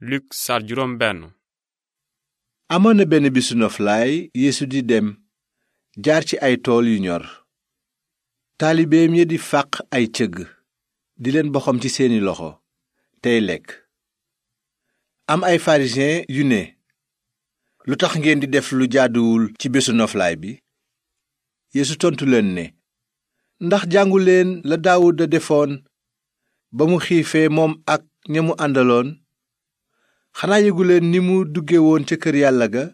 Luk sar amoon na benn bisu noflaay yéesu di dem jaar ci ay tool yu ñor taalibeem ya di fàq ay cëgg di leen boxoom ci seeni loxo tey lekk am ay pharisien yu ne lu tax ngeen di def lu jaaduwul ci bésu noflaay bi Yeesu tontu leen ne ndax jànguleen la Daawuda defoon ba mu xiifee moom ak ña mu àndaloon xanaa yëguleen ni mu dugge woon ca kër yàlla ga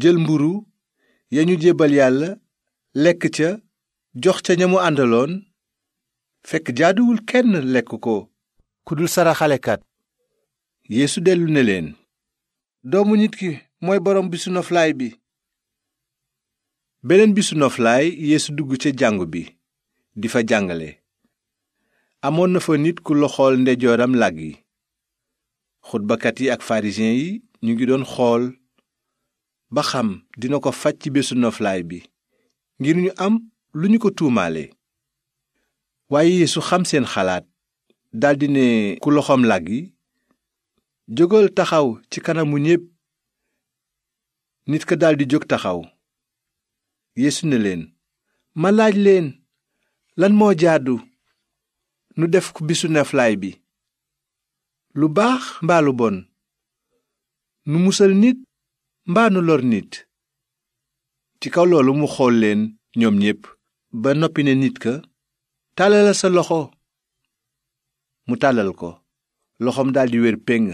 jël mburu ya ñu jébbal yàlla lekk ca jox ca ña mu àndaloon fekk jaaduwul kenn lekk ko ku dul saraxalekat yéesu dellu ne leen doomu nit ki mooy borom bisu noflaay bi beneen bisu noflaay yéesu dugg ca jàngu bi di fa jàngale amoon na fa nit ku loxool ndejooram làggi xutbakat yi ak farisiyen yi ñu ngi doon xool ba xam dina ko faj ci bésu noflaay bi ngir ñu am lu ñu ko tuumaale waaye Yeesu xam seen xalaat daldi ne ku loxoom làggi jógal taxaw ci kanamu ñépp nit ka daldi jóg taxaw Yeesu ne leen ma laaj leen lan moo jaadu nu def ko bisu noflaay bi lu baax mbaa bon nu musal nit mbaa nu lor nit ci kaw loolu mu xool leen ñoom ñépp ba noppi ne nit ka tàllala sa loxo mu tàllal ko loxoom daldi wér péng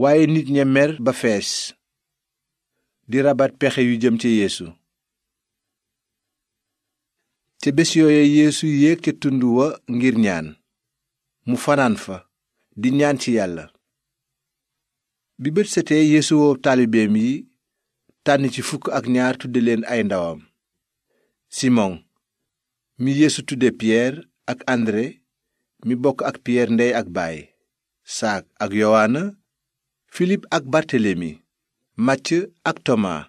waaye nit ña ba fees di rabat pexe yu jëm ci yéesu ca bés yooya yéesu yéeg ca tund wa ngir ñaan mu fanaan fa di ñaan ci yàlla bi bët setee yeesu taalibeem yi tànn ci fukk ak ñaar tudde leen ay ndawam simon mi yeesu tudde pierre ak andré mi bokk ak pierre ndey ak baay saak ak yowaana filip ak bartelemi màcc ak tomaa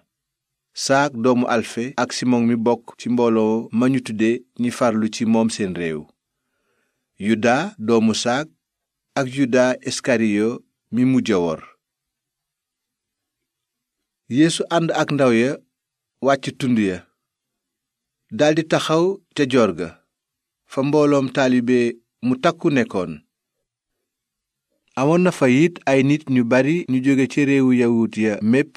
saak doomu alfe ak simon mi bokk ci mbooloo ma ñu tudde ñi farlu ci moom seen réew yuda doomu saak ak yuda iskariyo mi mujj a wor ànd ak ndaw ya wàcc tund ya daldi taxaw ca joor ga fa mbooloom taalibe mu takku nekkoon amoon na fa it ay nit ñu bari ñu jóge ci réewu yawut ya mépp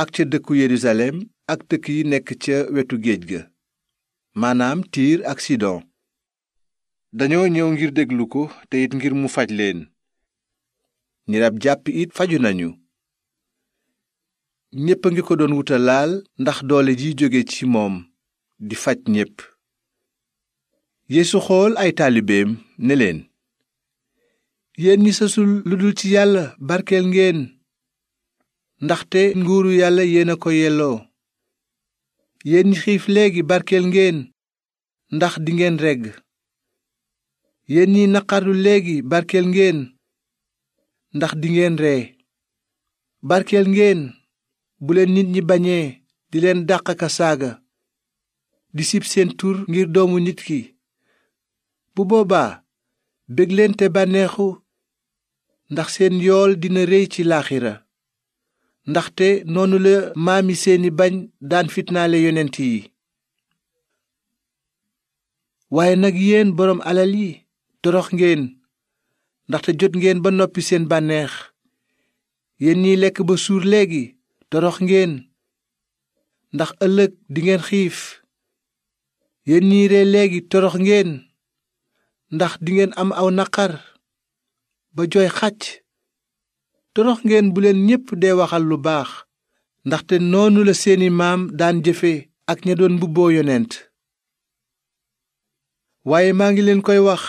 ak ca dëkku yerusalem ak dëkk yi nekk ca wetu géej ga maanaam tiir ak sidon dañoo ñëw ngir déglu ko te ngir mu faj leen ñi jàpp it faju nañu ñépp a ngi ko doon wuta laal ndax doole ji jóge ci moom di faj ñépp yéesu xool ay taalibeem ne leen yéen ñi sasul lu dul ci yàlla barkeel ngeen ndaxte nguuru yàlla yéen a ko yelloo yenn ñi xiif léegi barkeel ngeen ndax dingeen regg yéen ñi naqarlu léegi barkeel ngeen ndax dingeen ree barkeel ngeen buleen nit ñi bañee di leen dàq ka saaga di sib seen tur ngir doomu nit ki bu booba bég leen te bànneexu ndax seen yool dina réy ci laaxira ndaxte noonu la maami seeni bañ daan fitnaale yonent yi waaye nag yéen boroom alal yi torox ngeen ndaxte jot ngeen ba noppi seen bànneex yéen ñiy lekk ba suur léegi torox ngeen ndax ëllëg dingeen xiif yéen ñiy ree léegi torox ngeen ndax dingeen am aw naqar ba jooy xàcc torox ngeen bu ñépp dee waxal lu baax ndaxte noonu la seeni maam daan jëfe ak ña doon mbubboo yonent waaye maa ngi leen koy wax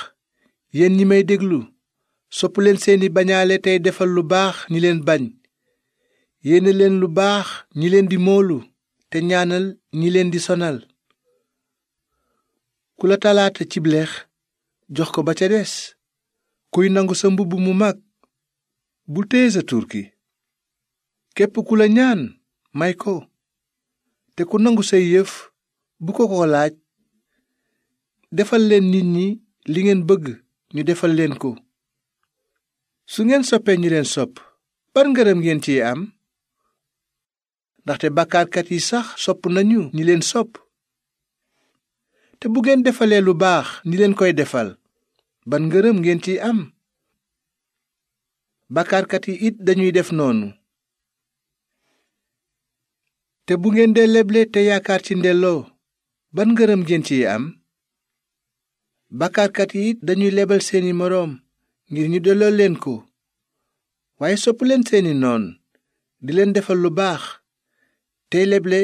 yéen ñi may déglu sopp leen seeni bañaale tey defal lu baax ñi leen bañ yéene leen lu baax ñi leen di moolu te ñaanal ñi leen di sonal ku la talaata cib leex jox ko ba ca des kuy nangu sa mbubb mu mag bul téye sa turki képp ku la ñaan may ko te ku nangu say yëf bu ko ko laaj defal leen nit ñi li ngeen bëgg ñu defal leen ko su ngeen soppee ñu leen sopp ban ngërëm ngeen ci am ndaxte bàkkaarkat yi sax sopp nañu ñi leen sopp te bu ngeen defalee lu baax ñi leen koy defal ban ngërëm ngeen ci am bàkkaarkat yi it dañuy def noonu te bu ngeen dee leble te yaakaar ci ndelloo ban ngërëm ngeen ci am bàkkaarkat yi dañuy lebal seeni moroom ngir ñu delloo leen ko waaye sopp leen seeni noon di leen defal lu baax tey leble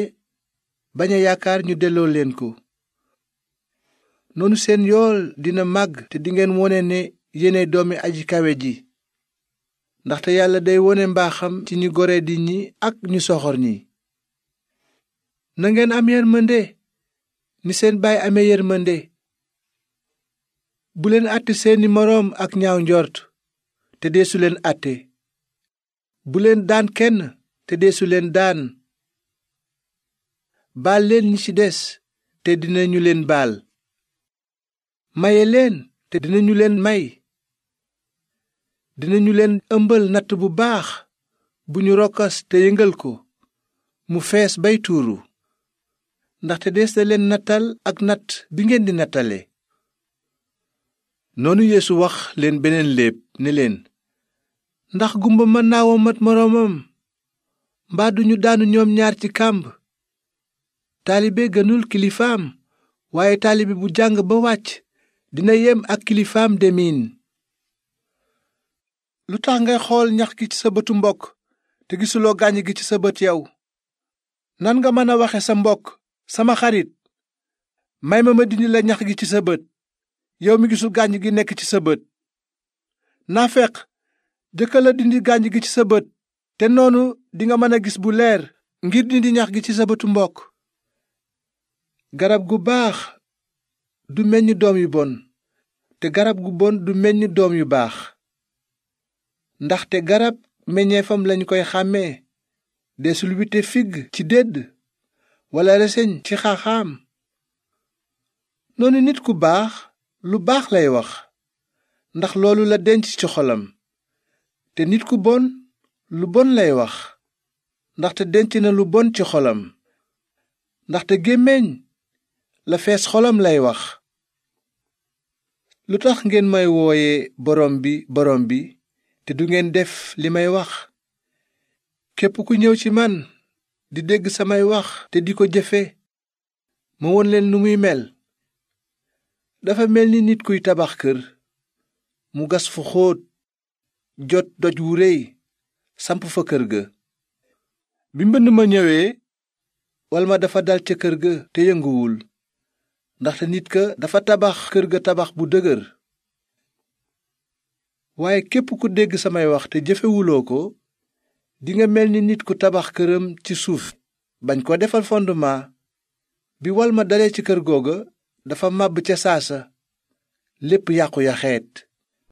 bañ a yaakaar ñu delloo leen ko noonu seen yool dina màgg te dingeen wone ne yéene doomi aji kawe ji ndaxte yàlla day wone mbaaxam ci ñu gore di ñi ak ñu soxor ñi nangeen am mënde ni seen baay ame amee mënde bu leen àtte seeni moroom ak ñaaw njoort te deesu leen àtte bu leen daan kenn te deesu leen daan baal leen ñi ci des te dinañu leen baal maye leen te dinañu leen may dinañu leen ëmbal natt bu baax bu ñu rokkas te yëngal ko mu fees bay tuuru ndaxte dees na leen nattal ak natt bi ngeen di nattale noonu yéesu wax leen beneen léeb ne leen ndax gumba mën naa womat moroomam mbaa duñu daanu ñoom ñaar ci kàmb taalibe gënul kilifaam waaye taalibe bu jàng ba wàcc dina yem ak kilifaam demiin lu tax ngay xool ñax gi ci sa bëtu mbokk te gisuloo gaañ gi ci sa bët yow nan nga mën a waxe sa mbokk sama xarit may ma ma dindi la ñax gi ci sa bët yow mi gisul gàññ gi nekk ci sa bët naafeq jëkka la dindi gàññ gi ci sa bët te noonu dinga mën a gis bu leer ngir dindi ñax gi ci sa bëtu mbokk garab gu baax du meññ doom yu bon te garab gu bon du meññ doom yu baax ndaxte garab meññeefam lañu koy xàmmee desul wite figg ci dédd walla reseñ ci xaaxaam noonu nit ku baax lu baax lay wax ndax loolu la denc ci xolam te nit ku bon lu bon lay wax ndaxte denc na lu bon ci xolam ndaxte gémmiñ la fees xolam lay wax lu tax ngeen may wooye borom bi borom bi te du ngeen def li may wax képp ku ñëw ci man di dégg samay wax te di ko jëfe ma won leen lu muy mel dafa mel ni nit kuy tabax kër mu gas fu xóot jot doj wu rëy samp fa kër ga bi mbënn ma ñëwee ma dafa dal ca kër ga te yënguwul ndaxte nit ka dafa tabax kër ga tabax bu dëgër waaye képp ku dégg samay wax te jëfewuloo ko dinga mel ni nit ku tabax këram ci suuf bañ ko defal fondement bi wal ma dalee ci kër googa dafa màbb ca saasa lépp yàqu ya xeet